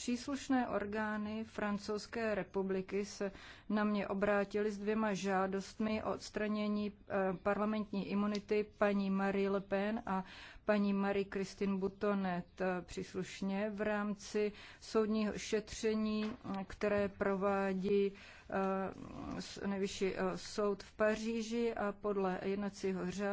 Příslušné orgány Francouzské republiky se na mě obrátily s dvěma žádostmi o odstranění eh, parlamentní imunity paní Marie Le Pen a paní Marie-Christine Butonet eh, příslušně v rámci soudního šetření, eh, které provádí nejvyšší soud v Paříži a podle jednacího řádu